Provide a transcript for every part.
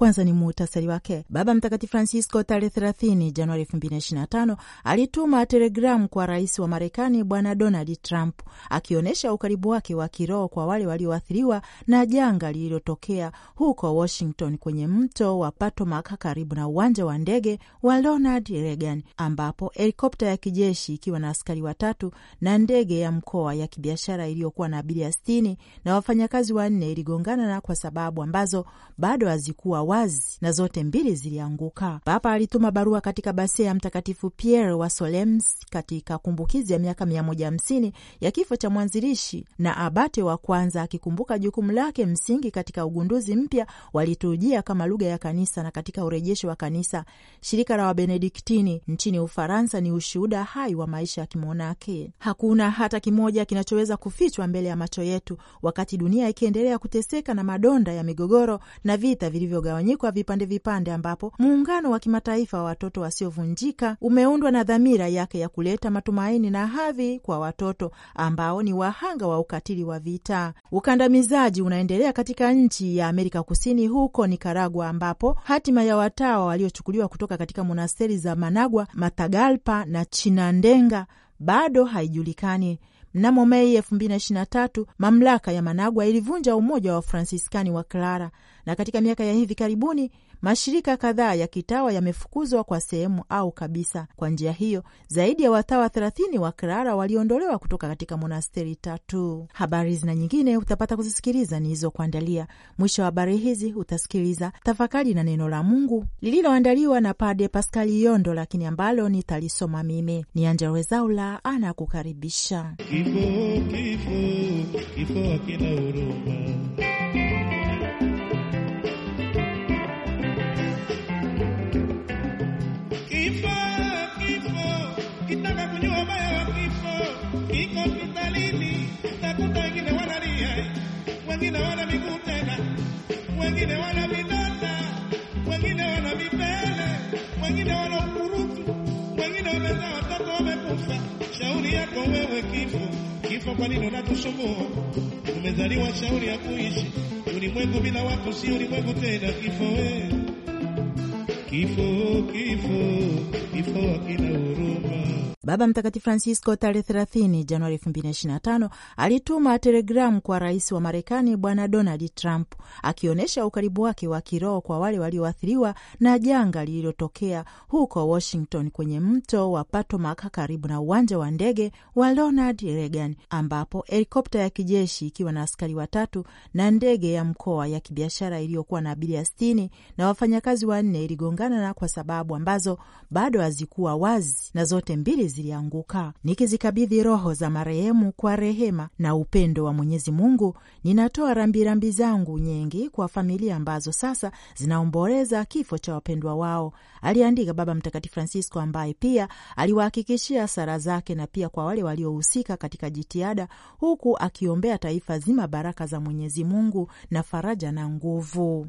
Kwanza ni muhtasari wake. Baba Mtakatifu Francisco tarehe 30 Januari 2025 alituma telegramu kwa rais wa Marekani Bwana Donald Trump akionyesha ukaribu wake wa kiroho kwa wale walioathiriwa na janga lililotokea huko Washington kwenye mto wa Potomac karibu na uwanja wa ndege wa Ronald Reagan ambapo helikopta ya kijeshi ikiwa na askari watatu na ndege ya mkoa ya kibiashara iliyokuwa na abiria sitini na wafanyakazi wanne iligongana na kwa sababu ambazo bado hazikuwa wazi na zote mbili zilianguka. Papa alituma barua katika basia ya Mtakatifu Pierre wa Solems katika kumbukizi ya miaka 150 ya kifo cha mwanzilishi na abate wa kwanza, akikumbuka jukumu lake msingi katika ugunduzi mpya wa liturujia kama lugha ya kanisa na katika urejesho wa kanisa. Shirika la Wabenediktini nchini Ufaransa ni ushuhuda hai wa maisha ya kimonake Hakuna hata kimoja kinachoweza kufichwa mbele ya macho yetu, wakati dunia ikiendelea kuteseka na madonda ya migogoro na vita vilivyogawa mgawanyiko vipande vipande, ambapo muungano wa kimataifa wa watoto wasiovunjika umeundwa na dhamira yake ya kuleta matumaini na hadhi kwa watoto ambao ni wahanga wa ukatili wa vita. Ukandamizaji unaendelea katika nchi ya Amerika Kusini, huko Nikaragua, ambapo hatima ya watawa waliochukuliwa kutoka katika monasteri za Managua, Matagalpa na Chinandenga bado haijulikani. Mnamo Mei 2023 mamlaka ya Managua ilivunja umoja wa Wafransiskani wa Clara, na katika miaka ya hivi karibuni Mashirika kadhaa ya kitawa yamefukuzwa kwa sehemu au kabisa. Kwa njia hiyo, zaidi ya watawa thelathini wa Kirara waliondolewa kutoka katika monasteri tatu. Habari hizi na nyingine utapata kuzisikiliza nilizokuandalia. Mwisho wa habari hizi utasikiliza tafakari na neno la Mungu lililoandaliwa na Pade Paskali Yondo, lakini ambalo nitalisoma mimi. Ni Angella Rwezaula anakukaribisha. Kifo, kifo, kifo hakina huruma hospitalini, nakuta wengine wanalia, wengine wana miguu tena, wengine wana vidonda, wengine wana vipele, wengine wana ukurutu, wengine wameza watoto wamekufa. Shauri yako wewe kifo, kifo, kwa nini unatusumbua? umezaliwa shauri ya kuishi ulimwengu, bila watu si ulimwengu tena. Kifo we kifo, kifo, kifo hakina huruma. Baba Mtakatifu Francisco tarehe 30 Januari 2025 alituma telegramu kwa rais wa Marekani Bwana Donald Trump akionyesha ukaribu wake wa kiroho kwa wale walioathiriwa na janga lililotokea huko Washington kwenye mto wa Potomac karibu na uwanja wa ndege wa Ronald Reagan ambapo helikopta ya kijeshi ikiwa na askari watatu na ndege ya mkoa ya kibiashara iliyokuwa na abiria sitini na wafanyakazi wanne iligongana na kwa sababu ambazo bado hazikuwa wazi na zote mbili zilianguka. Nikizikabidhi roho za marehemu kwa rehema na upendo wa Mwenyezi Mungu, ninatoa rambirambi zangu nyingi kwa familia ambazo sasa zinaomboleza kifo cha wapendwa wao, aliandika Baba Mtakatifu Francisco, ambaye pia aliwahakikishia sara zake na pia kwa wale waliohusika katika jitihada, huku akiombea taifa zima baraka za Mwenyezi Mungu na faraja na nguvu.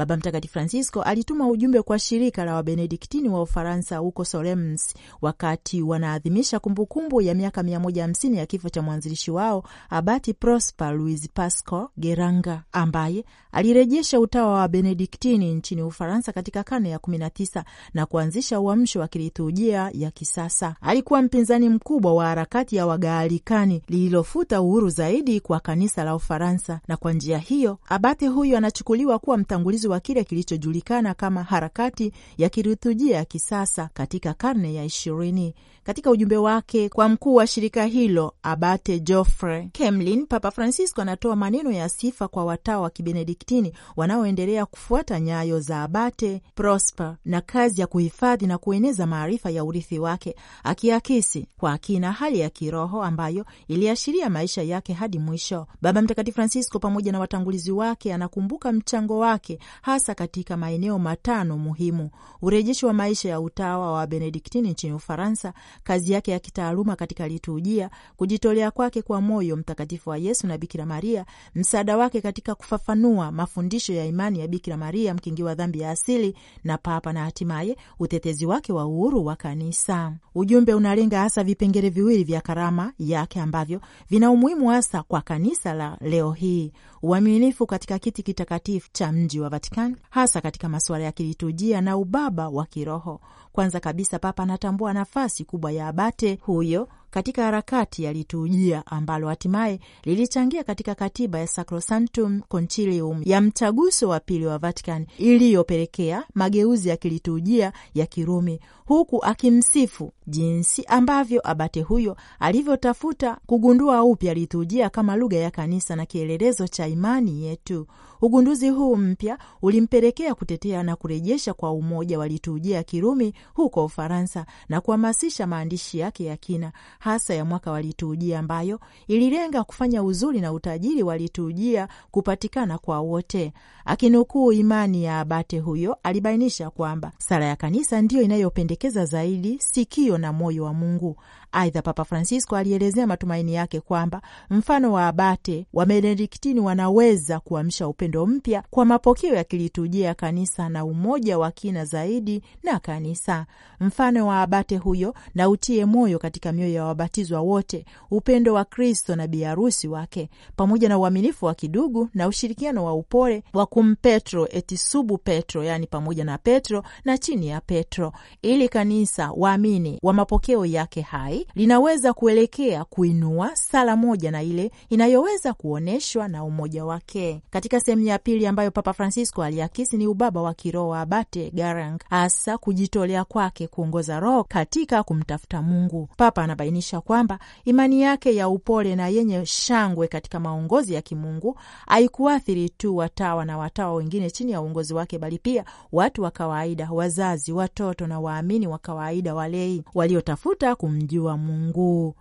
Baba Mtakatifu Francisco alituma ujumbe kwa shirika la Wabenediktini wa Ufaransa huko Solems wakati wanaadhimisha kumbukumbu ya miaka 150 ya kifo cha mwanzilishi wao Abati Prosper Louis Pasco Geranga ambaye alirejesha utawa wa Benediktini nchini Ufaransa katika karne ya 19 na kuanzisha uamsho wa kiliturujia ya kisasa. Alikuwa mpinzani mkubwa wa harakati ya Wagaalikani lililofuta uhuru zaidi kwa kanisa la Ufaransa, na kwa njia hiyo abati huyu anachukuliwa kuwa mtangulizi wa kile kilichojulikana kama harakati ya kiruthujia ya kisasa katika karne ya ishirini. Katika ujumbe wake kwa mkuu wa shirika hilo Abate Joffre Kemlin, Papa Francisco anatoa maneno ya sifa kwa watawa wa kibenediktini wanaoendelea kufuata nyayo za Abate Prosper na kazi ya kuhifadhi na kueneza maarifa ya urithi wake, akiakisi kwa akina hali ya kiroho ambayo iliashiria maisha yake hadi mwisho. Baba Mtakatifu Francisco pamoja na watangulizi wake anakumbuka mchango wake hasa katika maeneo matano muhimu: urejeshi wa maisha ya utawa wa Benediktini nchini Ufaransa, kazi yake ya kitaaluma katika liturujia, kujitolea kwake kwa moyo mtakatifu wa Yesu na Bikira Maria, msaada wake katika kufafanua mafundisho ya imani ya Bikira Maria, wa dhambi ya asili na Papa, na hatimaye utetezi wake wa uhuru wa Kanisa. Ujumbe unalenga hasa vipengele viwili vya karama yake ambavyo vina umuhimu hasa kwa kanisa la leo hii: uaminifu katika kiti kitakatifu cha mji wa Vatican, hasa katika masuala ya kiliturujia na ubaba wa kiroho. Kwanza kabisa, Papa anatambua nafasi kubwa ya abate huyo katika harakati ya liturujia ambalo hatimaye lilichangia katika katiba ya Sacrosanctum Concilium ya mtaguso wa pili wa Vatican iliyopelekea mageuzi ya kiliturujia ya Kirumi, huku akimsifu jinsi ambavyo abate huyo alivyotafuta kugundua upya liturujia kama lugha ya kanisa na kielelezo cha imani yetu. Ugunduzi huu mpya ulimpelekea kutetea na kurejesha kwa umoja wa liturujia Kirumi huko Ufaransa na kuhamasisha maandishi yake ya kina, hasa ya mwaka wa liturujia ambayo ililenga kufanya uzuri na utajiri wa liturujia kupatikana kwa wote. Akinukuu imani ya abate huyo, alibainisha kwamba sala ya kanisa ndiyo inayopendekeza zaidi sikio na moyo wa Mungu. Aidha, Papa Francisco alielezea matumaini yake kwamba mfano wa abate wa Benediktini wanaweza kuamsha upendo mpya kwa mapokeo ya kiliturujia ya kanisa na umoja wa kina zaidi na kanisa. Mfano wa abate huyo na utie moyo katika mioyo ya wabatizwa wote upendo wa Kristo na biharusi wake, pamoja na uaminifu wa kidugu na ushirikiano wa upole wa kumpetro eti subu Petro, yani pamoja na Petro na chini ya Petro, ili kanisa waamini wa mapokeo yake hai linaweza kuelekea kuinua sala moja na ile inayoweza kuonyeshwa na umoja wake. Katika sehemu ya pili ambayo Papa Francisco aliakisi ni ubaba wa kiroho wa Abate Garang, hasa kujitolea kwake kuongoza roho katika kumtafuta Mungu. Papa anabainisha kwamba imani yake ya upole na yenye shangwe katika maongozi ya kimungu haikuathiri tu watawa na watawa wengine chini ya uongozi wake, bali pia watu wa kawaida, wazazi, watoto na waamini wa kawaida, walei waliotafuta kumjua wa Mungu.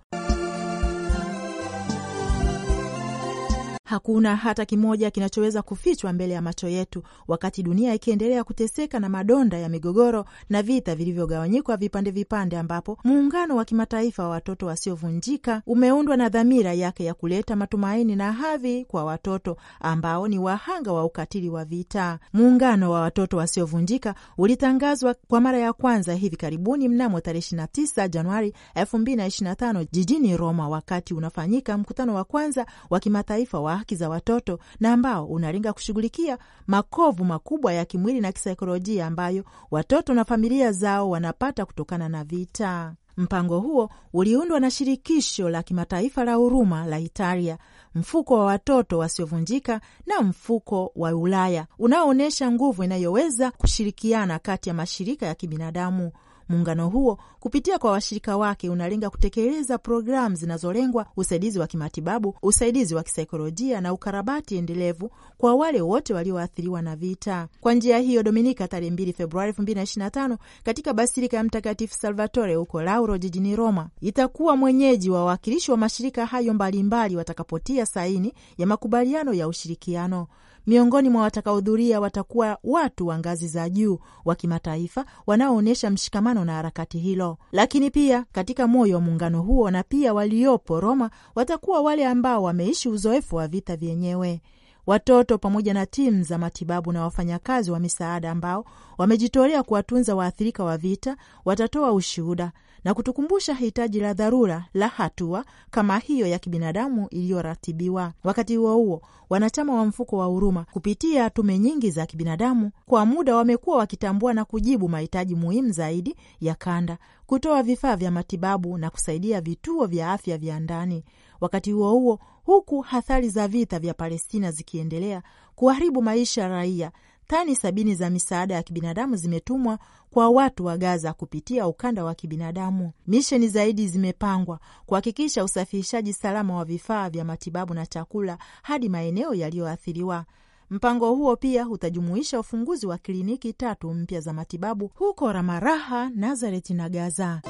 Hakuna hata kimoja kinachoweza kufichwa mbele ya macho yetu, wakati dunia ikiendelea kuteseka na madonda ya migogoro na vita vilivyogawanyikwa vipande vipande, ambapo muungano wa kimataifa wa watoto wasiovunjika umeundwa na dhamira yake ya kuleta matumaini na hadhi kwa watoto ambao ni wahanga wa ukatili wa vita. Muungano wa watoto wasiovunjika ulitangazwa kwa mara ya kwanza hivi karibuni mnamo tarehe 29 Januari 2025 jijini Roma, wakati unafanyika mkutano wa kwanza wa kimataifa wa haki za watoto na ambao unalenga kushughulikia makovu makubwa ya kimwili na kisaikolojia ambayo watoto na familia zao wanapata kutokana na vita. Mpango huo uliundwa na shirikisho la kimataifa la huruma la Italia, mfuko wa watoto wasiovunjika na mfuko wa Ulaya unaoonyesha nguvu inayoweza kushirikiana kati ya mashirika ya kibinadamu Muungano huo kupitia kwa washirika wake unalenga kutekeleza programu zinazolengwa usaidizi wa kimatibabu, usaidizi wa kisaikolojia na ukarabati endelevu kwa wale wote walioathiriwa na vita. Kwa njia hiyo, Dominika tarehe 2 Februari 2025 katika Basilika ya Mtakatifu Salvatore huko Lauro jijini Roma itakuwa mwenyeji wa wawakilishi wa mashirika hayo mbalimbali watakapotia saini ya makubaliano ya ushirikiano. Miongoni mwa watakaohudhuria watakuwa watu wa ngazi za juu wa kimataifa wanaoonyesha mshikamano na harakati hilo, lakini pia katika moyo wa muungano huo, na pia waliopo Roma watakuwa wale ambao wameishi uzoefu wa vita vyenyewe watoto pamoja na timu za matibabu na wafanyakazi wa misaada ambao wamejitolea kuwatunza waathirika wa vita watatoa ushuhuda na kutukumbusha hitaji la dharura la hatua kama hiyo ya kibinadamu iliyoratibiwa. Wakati huo huo, wanachama wa mfuko wa huruma kupitia tume nyingi za kibinadamu kwa muda wamekuwa wakitambua na kujibu mahitaji muhimu zaidi ya kanda, kutoa vifaa vya matibabu na kusaidia vituo vya afya vya ndani. Wakati huo huo, huku athari za vita vya Palestina zikiendelea kuharibu maisha ya raia tani sabini za misaada ya kibinadamu zimetumwa kwa watu wa Gaza kupitia ukanda wa kibinadamu. Misheni zaidi zimepangwa kuhakikisha usafirishaji salama wa vifaa vya matibabu na chakula hadi maeneo yaliyoathiriwa. Mpango huo pia utajumuisha ufunguzi wa kliniki tatu mpya za matibabu huko Ramaraha, Nazareti na Gaza.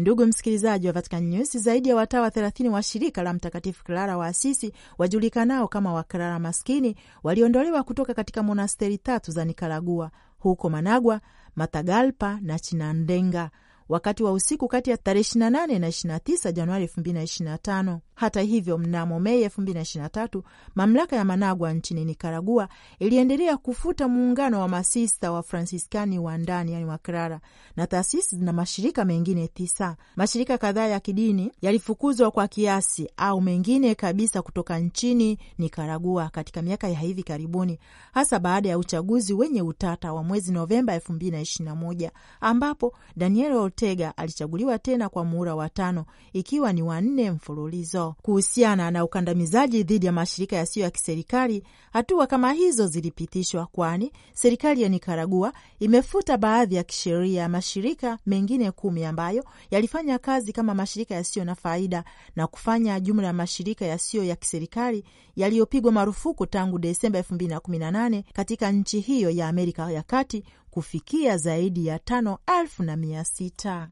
Ndugu msikilizaji wa Vatican News, zaidi ya watawa thelathini wa shirika la Mtakatifu Klara wa Asisi wajulikanao kama Waklara maskini waliondolewa kutoka katika monasteri tatu za Nikaragua, huko Managua, Matagalpa na Chinandenga wakati wa usiku kati ya tarehe 28 na 29 Januari 2025. Hata hivyo, mnamo Mei 2023 mamlaka ya Managua nchini Nikaragua iliendelea kufuta muungano wa masista wa Fransiskani wa ndani, yani wa na taasisi na mashirika mengine tisa. Mashirika kadhaa ya kidini yalifukuzwa kwa kiasi au mengine kabisa kutoka nchini Nikaragua katika miaka ya hivi karibuni, hasa baada ya uchaguzi wenye utata wa mwezi Novemba 2021 ambapo Daniel Ortega alichaguliwa tena kwa muhula wa tano, ikiwa ni wanne mfululizo. Kuhusiana na ukandamizaji dhidi ya mashirika yasiyo ya kiserikali, hatua kama hizo zilipitishwa, kwani serikali ya Nikaragua imefuta baadhi ya kisheria ya mashirika mengine kumi ambayo yalifanya kazi kama mashirika yasiyo na faida na kufanya jumla ya mashirika yasiyo ya kiserikali yaliyopigwa marufuku tangu Desemba 2018 katika nchi hiyo ya Amerika ya Kati kufikia zaidi ya tano elfu na mia sita.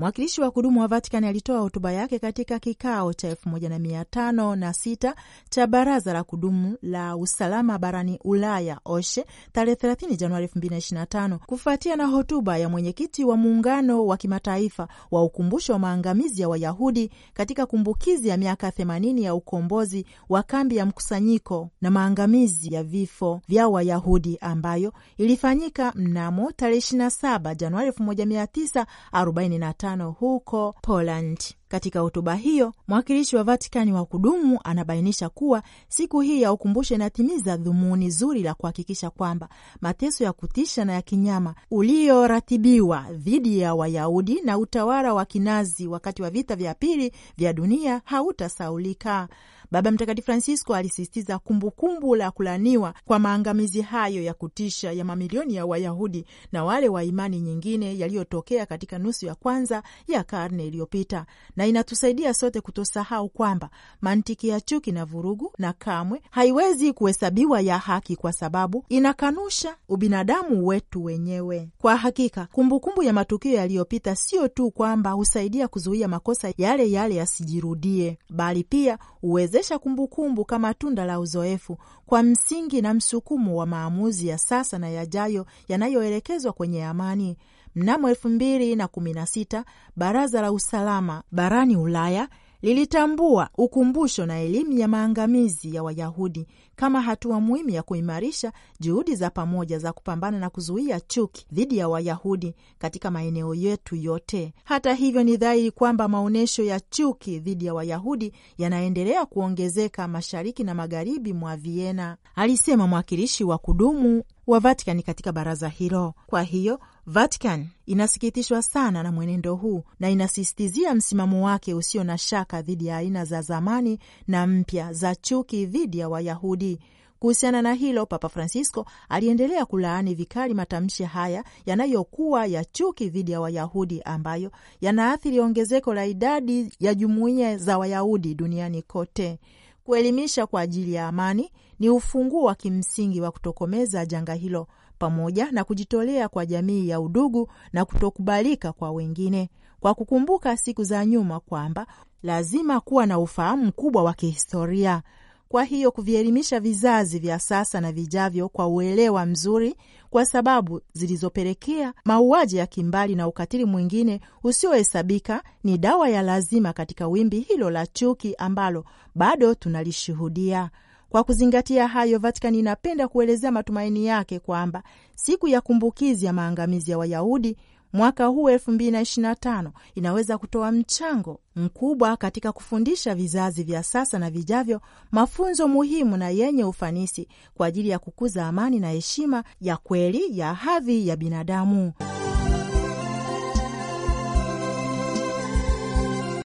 Mwakilishi wa kudumu wa Vatikani alitoa hotuba yake katika kikao cha elfu moja na mia tano na sita cha baraza la kudumu la usalama barani Ulaya OSHE tarehe 30 Januari 2025 kufuatia na hotuba ya mwenyekiti wa muungano wa kimataifa wa ukumbusho wa maangamizi ya Wayahudi katika kumbukizi ya miaka 80 ya ukombozi wa kambi ya mkusanyiko na maangamizi ya vifo vya Wayahudi ambayo ilifanyika mnamo tarehe 27 Januari 1945 mkutano huko Poland. Katika hotuba hiyo, mwakilishi wa Vatikani wa kudumu anabainisha kuwa siku hii ya ukumbusho inatimiza dhumuni zuri la kuhakikisha kwamba mateso ya kutisha na ya kinyama ulioratibiwa dhidi ya Wayahudi na utawala wa kinazi wakati wa vita vya pili vya dunia hautasaulika. Baba Mtakatifu Francisco alisisitiza kumbukumbu la kulaniwa kwa maangamizi hayo ya kutisha ya mamilioni ya Wayahudi na wale wa imani nyingine yaliyotokea katika nusu ya kwanza ya karne iliyopita na inatusaidia sote kutosahau kwamba mantiki ya chuki na vurugu na kamwe haiwezi kuhesabiwa ya haki, kwa sababu inakanusha ubinadamu wetu wenyewe. Kwa hakika, kumbukumbu kumbu ya matukio yaliyopita sio tu kwamba husaidia kuzuia makosa yale yale yasijirudie, bali pia huwezesha kumbukumbu kama tunda la uzoefu kwa msingi na msukumo wa maamuzi ya sasa na yajayo yanayoelekezwa kwenye amani Mnamo elfu mbili na kumi na sita baraza la usalama barani Ulaya lilitambua ukumbusho na elimu ya maangamizi ya Wayahudi kama hatua muhimu ya kuimarisha juhudi za pamoja za kupambana na kuzuia chuki dhidi ya Wayahudi katika maeneo yetu yote. Hata hivyo, ni dhahiri kwamba maonyesho ya chuki dhidi ya Wayahudi yanaendelea kuongezeka mashariki na magharibi mwa Viena, alisema mwakilishi wa kudumu wa Vatikani katika baraza hilo. Kwa hiyo Vatican inasikitishwa sana na mwenendo huu na inasisitizia msimamo wake usio na shaka dhidi ya aina za zamani na mpya za chuki dhidi ya Wayahudi. Kuhusiana na hilo, Papa Francisco aliendelea kulaani vikali matamshi haya yanayokuwa ya chuki dhidi ya Wayahudi ambayo yanaathiri ongezeko la idadi ya jumuiya za Wayahudi duniani kote. Kuelimisha kwa ajili ya amani ni ufunguo wa kimsingi wa kutokomeza janga hilo, pamoja na kujitolea kwa jamii ya udugu na kutokubalika kwa wengine, kwa kukumbuka siku za nyuma kwamba lazima kuwa na ufahamu mkubwa wa kihistoria, kwa hiyo kuvielimisha vizazi vya sasa na vijavyo kwa uelewa mzuri kwa sababu zilizopelekea mauaji ya kimbali na ukatili mwingine usiohesabika ni dawa ya lazima katika wimbi hilo la chuki ambalo bado tunalishuhudia. Kwa kuzingatia hayo, Vatikani inapenda kuelezea matumaini yake kwamba siku ya kumbukizi ya maangamizi ya Wayahudi mwaka huu 225 inaweza kutoa mchango mkubwa katika kufundisha vizazi vya sasa na vijavyo mafunzo muhimu na yenye ufanisi kwa ajili ya kukuza amani na heshima ya kweli ya hadhi ya binadamu.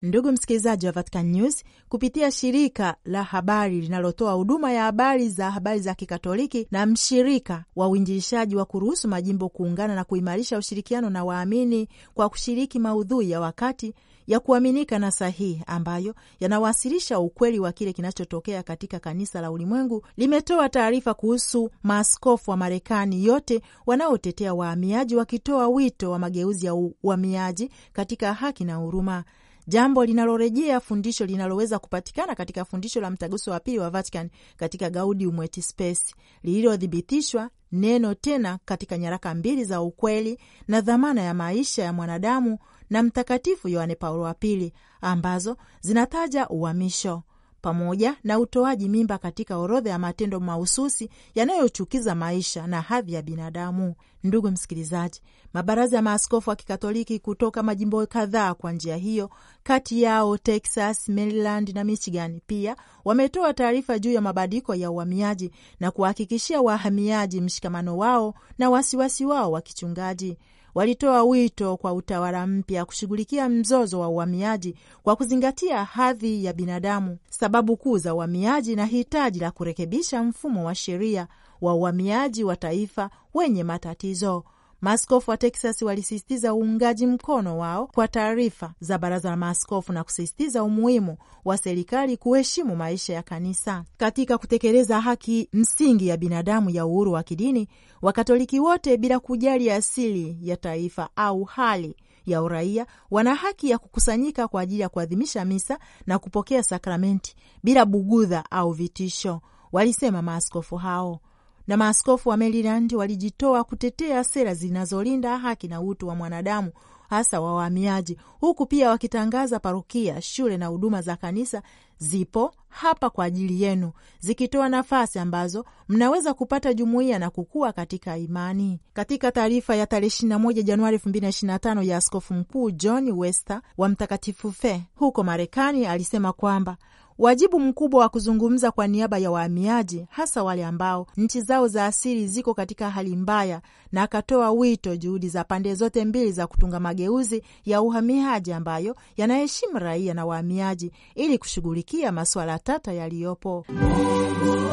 Ndugu msikilizaji wa Vatican News, kupitia shirika la habari linalotoa huduma ya habari za habari za Kikatoliki na mshirika wa uinjilishaji wa kuruhusu majimbo kuungana na kuimarisha ushirikiano na waamini kwa kushiriki maudhui ya wakati ya kuaminika na sahihi ambayo yanawasilisha ukweli wa kile kinachotokea katika kanisa la ulimwengu, limetoa taarifa kuhusu maaskofu wa Marekani yote wanaotetea wahamiaji, wakitoa wito wa mageuzi ya uhamiaji katika haki na huruma jambo linalorejea fundisho linaloweza kupatikana katika fundisho la Mtaguso wa Pili wa Vatican katika Gaudium et Spes, lililothibitishwa neno tena katika nyaraka mbili za ukweli na dhamana ya maisha ya mwanadamu na Mtakatifu Yohane Paulo wa Pili, ambazo zinataja uhamisho pamoja na utoaji mimba katika orodha ya matendo mahususi yanayochukiza maisha na hadhi ya binadamu. Ndugu msikilizaji, mabaraza ya maaskofu wa Kikatoliki kutoka majimbo kadhaa kwa njia hiyo, kati yao Texas, Maryland na Michigan, pia wametoa taarifa juu ya mabadiliko ya uhamiaji na kuhakikishia wahamiaji mshikamano wao na wasiwasi wao wa kichungaji walitoa wito kwa utawala mpya kushughulikia mzozo wa uhamiaji kwa kuzingatia hadhi ya binadamu, sababu kuu za uhamiaji na hitaji la kurekebisha mfumo wa sheria wa uhamiaji wa taifa wenye matatizo Maaskofu wa Texas walisisitiza uungaji mkono wao kwa taarifa za baraza la maaskofu na kusisitiza umuhimu wa serikali kuheshimu maisha ya kanisa katika kutekeleza haki msingi ya binadamu ya uhuru wa kidini. Wakatoliki wote bila kujali asili ya taifa au hali ya uraia wana haki ya kukusanyika kwa ajili ya kuadhimisha misa na kupokea sakramenti bila bugudha au vitisho, walisema maaskofu hao na maaskofu wa Maryland walijitoa kutetea sera zinazolinda haki na utu wa mwanadamu hasa wa wahamiaji, huku pia wakitangaza parokia, shule na huduma za kanisa zipo hapa kwa ajili yenu, zikitoa nafasi ambazo mnaweza kupata jumuiya na kukua katika imani. Katika taarifa ya tarehe 21 Januari 2025 ya askofu mkuu John Wester wa Mtakatifu Fe huko Marekani alisema kwamba wajibu mkubwa wa kuzungumza kwa niaba ya wahamiaji, hasa wale ambao nchi zao za asili ziko katika hali mbaya, na akatoa wito juhudi za pande zote mbili za kutunga mageuzi ya uhamiaji ambayo yanaheshimu raia na wahamiaji ili kushughulikia masuala tata yaliyopo. Mungu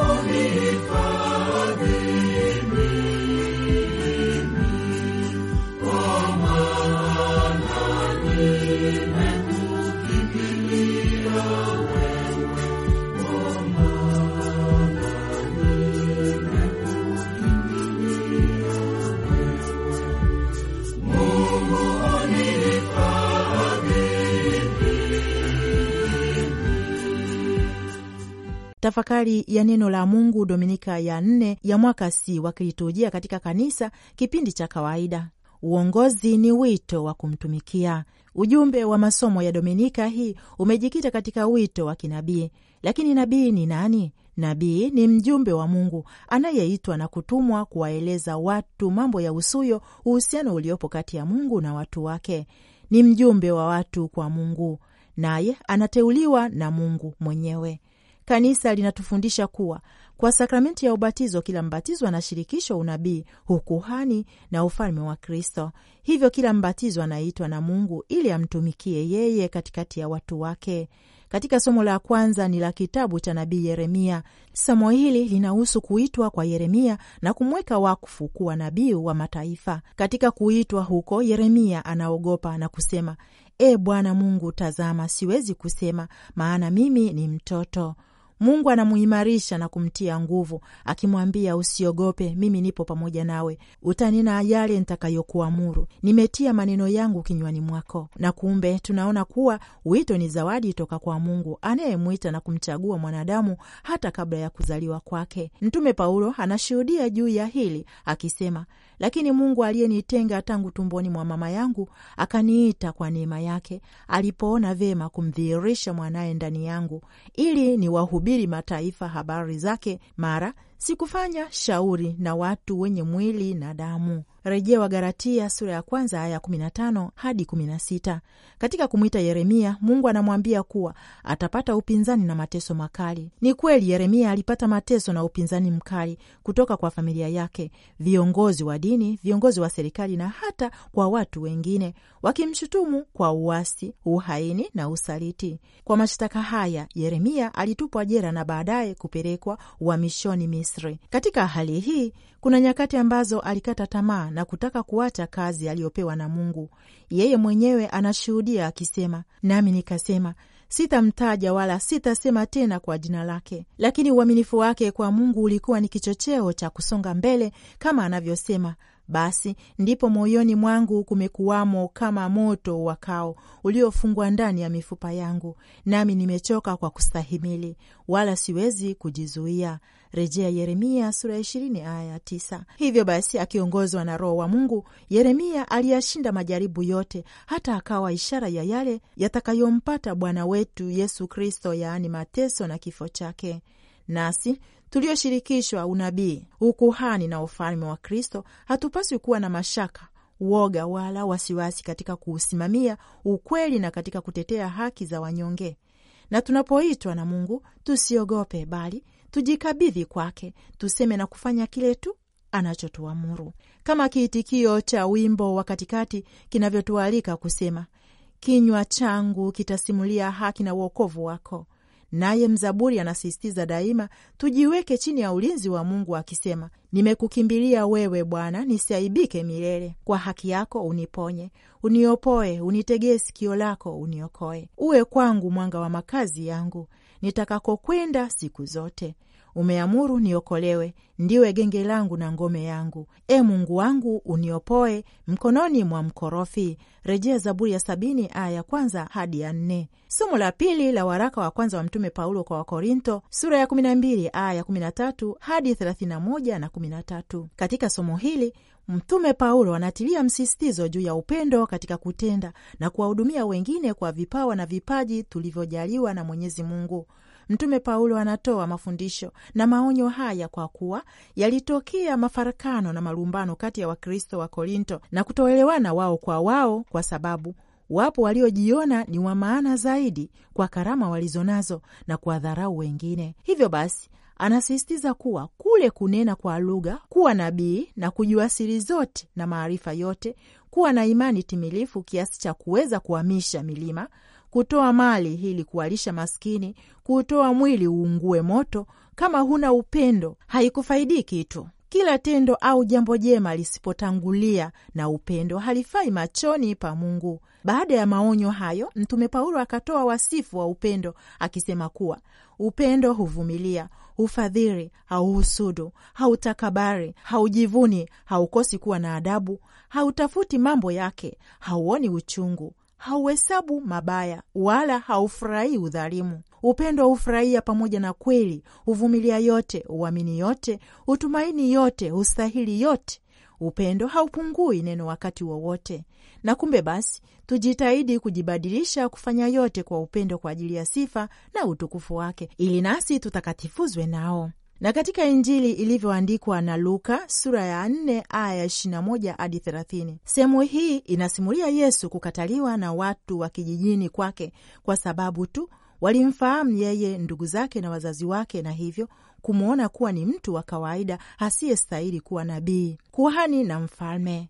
tafakari ya neno la Mungu Dominika ya nne ya mwaka C wa kiliturujia katika kanisa, kipindi cha kawaida. Uongozi ni wito wa kumtumikia. Ujumbe wa masomo ya Dominika hii umejikita katika wito wa kinabii. Lakini nabii ni nani? Nabii ni mjumbe wa Mungu anayeitwa na kutumwa kuwaeleza watu mambo ya usuyo uhusiano uliopo kati ya Mungu na watu wake. Ni mjumbe wa watu kwa Mungu, naye anateuliwa na Mungu mwenyewe. Kanisa linatufundisha kuwa kwa sakramenti ya ubatizo kila mbatizwa anashirikishwa unabii, ukuhani na ufalme wa Kristo. Hivyo kila mbatizwa anaitwa na Mungu ili amtumikie yeye katikati ya watu wake. Katika somo la kwanza ni la kitabu cha nabii Yeremia. Somo hili linahusu kuitwa kwa Yeremia na kumweka wakfu kuwa nabii wa mataifa. Katika kuitwa huko, Yeremia anaogopa na kusema, E Bwana Mungu, tazama, siwezi kusema, maana mimi ni mtoto. Mungu anamuimarisha na kumtia nguvu, akimwambia usiogope, mimi nipo pamoja nawe, utanena yale nitakayokuamuru, nimetia maneno yangu kinywani mwako. Na kumbe tunaona kuwa wito ni zawadi toka kwa Mungu anayemwita na kumchagua mwanadamu hata kabla ya kuzaliwa kwake. Mtume Paulo anashuhudia juu ya hili akisema, lakini Mungu aliyenitenga tangu tumboni mwa mama yangu akaniita kwa neema yake, alipoona vema kumdhihirisha mwanaye ndani yangu ili niwahubiri kuhubiri mataifa habari zake mara sikufanya shauri na watu wenye mwili na damu. Rejea Wagalatia sura ya kwanza aya 15 hadi 16. Katika kumwita Yeremia, Mungu anamwambia kuwa atapata upinzani na mateso makali. Ni kweli Yeremia alipata mateso na upinzani mkali kutoka kwa familia yake, viongozi wa dini, viongozi wa serikali na hata kwa watu wengine, wakimshutumu kwa uasi, uhaini na usaliti. Kwa mashtaka haya, Yeremia alitupwa jera na baadaye kupelekwa uhamishoni Misri. Katika hali hii kuna nyakati ambazo alikata tamaa na kutaka kuacha kazi aliyopewa na Mungu. Yeye mwenyewe anashuhudia akisema, nami nikasema sitamtaja wala sitasema tena kwa jina lake. Lakini uaminifu wake kwa Mungu ulikuwa ni kichocheo cha kusonga mbele, kama anavyosema basi ndipo moyoni mwangu kumekuwamo kama moto wakao uliofungwa ndani ya mifupa yangu, nami nimechoka kwa kustahimili, wala siwezi kujizuia. Rejea Yeremia sura ya ishirini aya tisa. Hivyo basi, akiongozwa na Roho wa Mungu, Yeremia aliyashinda majaribu yote, hata akawa ishara ya yale yatakayompata Bwana wetu Yesu Kristo, yaani mateso na kifo chake. Nasi tulioshirikishwa unabii, ukuhani na ufalme wa Kristo, hatupaswi kuwa na mashaka, uoga wala wasiwasi katika kuusimamia ukweli na katika kutetea haki za wanyonge. Na tunapoitwa na Mungu tusiogope, bali tujikabidhi kwake, tuseme na kufanya kile tu anachotuamuru, kama kiitikio cha wimbo wa katikati kinavyotualika kusema: kinywa changu kitasimulia haki na uokovu wako. Naye mzaburi anasisitiza daima tujiweke chini ya ulinzi wa Mungu akisema, nimekukimbilia wewe Bwana, nisiaibike milele. Kwa haki yako uniponye, uniopoe, unitegee sikio lako, uniokoe. Uwe kwangu mwanga wa makazi yangu, nitakakokwenda siku zote. Umeamuru niokolewe, ndiwe genge langu na ngome yangu. E Mungu wangu, uniopoe mkononi mwa mkorofi. Rejea Zaburi ya sabini aya ya kwanza hadi ya nne. Somo la pili la waraka wa kwanza wa Mtume Paulo kwa Wakorinto sura ya kumi na mbili aya ya kumi na tatu hadi thelathini na moja na kumi na tatu. Katika somo hili Mtume Paulo anatilia msisitizo juu ya upendo katika kutenda na kuwahudumia wengine kwa vipawa na vipaji tulivyojaliwa na Mwenyezi Mungu. Mtume Paulo anatoa mafundisho na maonyo haya kwa kuwa yalitokea mafarakano na malumbano kati ya Wakristo wa Korinto na kutoelewana wao kwa wao, kwa sababu wapo waliojiona ni wa maana zaidi kwa karama walizo nazo na kuwadharau wengine. Hivyo basi anasisitiza kuwa kule kunena kwa lugha, kuwa nabii na kujua siri zote na maarifa yote, kuwa na imani timilifu kiasi cha kuweza kuhamisha milima kutoa mali ili kuwalisha maskini, kutoa mwili uungue moto, kama huna upendo haikufaidi kitu. Kila tendo au jambo jema lisipotangulia na upendo halifai machoni pa Mungu. Baada ya maonyo hayo, Mtume Paulo akatoa wasifu wa upendo akisema kuwa upendo huvumilia, hufadhiri, hauhusudu, hautakabari, haujivuni, haukosi kuwa na adabu, hautafuti mambo yake, hauoni uchungu, hauhesabu mabaya wala haufurahii udhalimu. Upendo hufurahia pamoja na kweli, huvumilia yote, uamini yote, utumaini yote, ustahili yote. Upendo haupungui neno wakati wowote wa na kumbe basi, tujitahidi kujibadilisha kufanya yote kwa upendo kwa ajili ya sifa na utukufu wake, ili nasi tutakatifuzwe nao na katika Injili ilivyoandikwa na Luka sura ya 4 aya 21 hadi 30. Sehemu hii inasimulia Yesu kukataliwa na watu wa kijijini kwake kwa sababu tu walimfahamu yeye, ndugu zake na wazazi wake, na hivyo kumwona kuwa ni mtu wa kawaida asiyestahili kuwa nabii, kuhani na mfalme.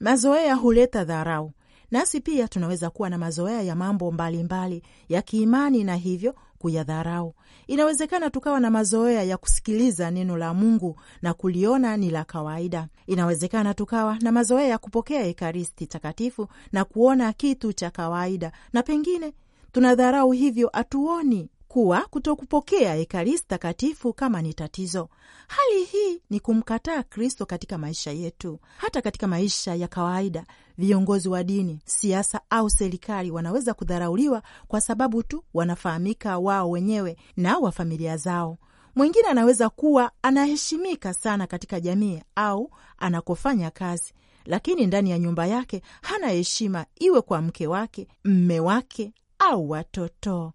Mazoea huleta dharau, nasi pia tunaweza kuwa na mazoea ya mambo mbalimbali mbali ya kiimani, na hivyo kuyadharau. Inawezekana tukawa na mazoea ya kusikiliza neno la Mungu na kuliona ni la kawaida. Inawezekana tukawa na mazoea ya kupokea Ekaristi Takatifu na kuona kitu cha kawaida, na pengine tunadharau hivyo, hatuoni kuwa kutokupokea Ekaristi Takatifu kama ni tatizo. Hali hii ni kumkataa Kristo katika maisha yetu. Hata katika maisha ya kawaida, viongozi wa dini, siasa au serikali wanaweza kudharauliwa kwa sababu tu wanafahamika wao wenyewe na wa familia zao. Mwingine anaweza kuwa anaheshimika sana katika jamii au anakofanya kazi lakini ndani ya nyumba yake hana heshima, iwe kwa mke wake, mme wake au watoto.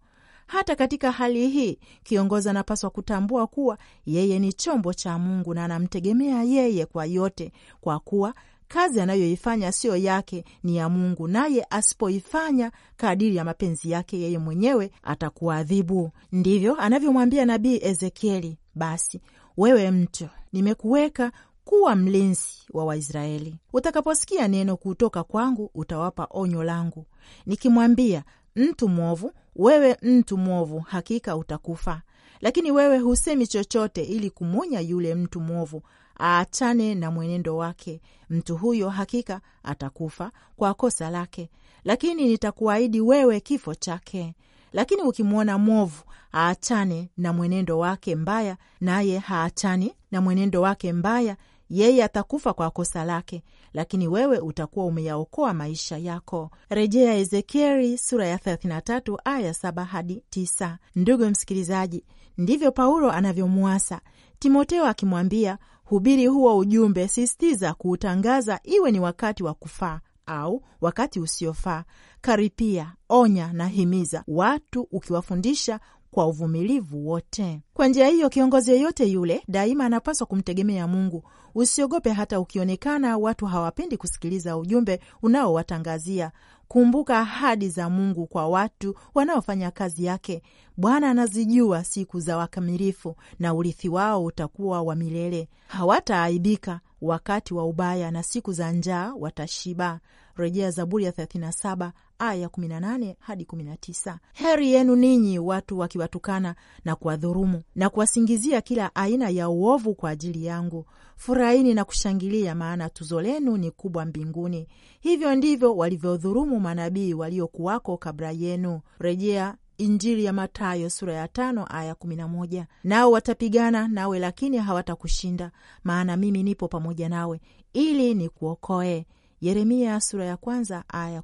Hata katika hali hii, kiongozi anapaswa kutambua kuwa yeye ni chombo cha Mungu na anamtegemea yeye kwa yote, kwa kuwa kazi anayoifanya siyo yake, ni ya Mungu, naye asipoifanya kadiri ya mapenzi yake, yeye mwenyewe atakuadhibu. Ndivyo anavyomwambia nabii Ezekieli, basi wewe mtu, nimekuweka kuwa mlinzi wa Waisraeli. Utakaposikia neno kutoka kwangu, utawapa onyo langu, nikimwambia mtu mwovu, wewe mtu mwovu, hakika utakufa. Lakini wewe husemi chochote ili kumwonya yule mtu mwovu aachane na mwenendo wake. Mtu huyo hakika atakufa kwa kosa lake, lakini nitakuahidi wewe kifo chake. Lakini ukimwona mwovu aachane na mwenendo wake mbaya, naye haachani na mwenendo wake mbaya yeye atakufa kwa kosa lake, lakini wewe utakuwa umeyaokoa maisha yako. Rejea Ezekieli sura ya 33 aya 7 hadi 9. Ndugu msikilizaji, ndivyo Paulo anavyomuasa Timoteo akimwambia, hubiri huo ujumbe, sisitiza kuutangaza, iwe ni wakati wa kufaa au wakati usiofaa. Karipia, onya na himiza watu ukiwafundisha kwa uvumilivu wote. Kwa njia hiyo, kiongozi yeyote yule daima anapaswa kumtegemea Mungu. Usiogope hata ukionekana watu hawapendi kusikiliza ujumbe unaowatangazia. Kumbuka ahadi za Mungu kwa watu wanaofanya kazi yake. Bwana anazijua siku za wakamilifu, na urithi wao utakuwa wa milele. Hawataaibika wakati wa ubaya, na siku za njaa watashiba rejea Zaburi ya 37 aya 18 hadi 19. Heri yenu ninyi watu wakiwatukana na kuwadhurumu na kuwasingizia kila aina ya uovu kwa ajili yangu, furahini na kushangilia, maana tuzo lenu ni kubwa mbinguni. Hivyo ndivyo walivyodhurumu manabii waliokuwako kabla yenu, rejea Injili ya Matayo sura ya tano aya kumi na moja. Nao watapigana nawe, lakini hawatakushinda, maana mimi nipo pamoja nawe ili nikuokoe. Yeremia sura ya kwanza aya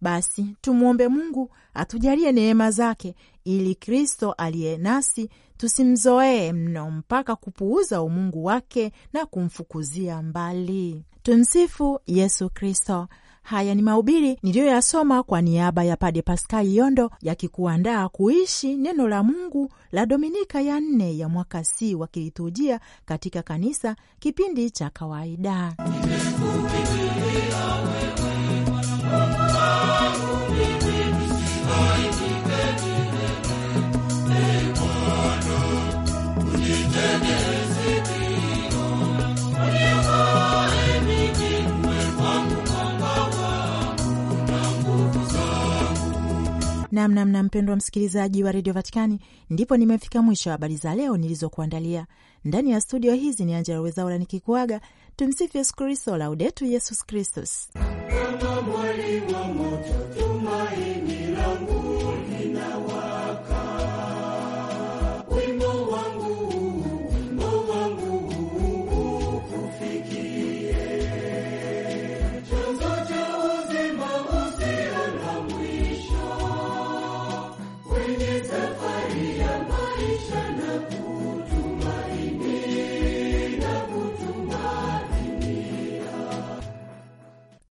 Basi tumwombe Mungu atujalie neema zake ili Kristo aliye nasi tusimzoee mno mpaka kupuuza umungu wake na kumfukuzia mbali. Tumsifu Yesu Kristo. Haya ni mahubiri niliyoyasoma kwa niaba ya Pade Paskali Yondo, yakikuandaa kuishi neno la Mungu la Dominika ya nne ya mwaka C wa kiliturujia katika kanisa, kipindi cha kawaida Namnamna mpendwa msikilizaji wa redio Vatikani, ndipo nimefika mwisho habari za leo nilizokuandalia ndani ya studio hizi. Ni Anjela Wezaula nikikuaga Tumsifu Yesu Kristo, Laudetu Yesus Kristus.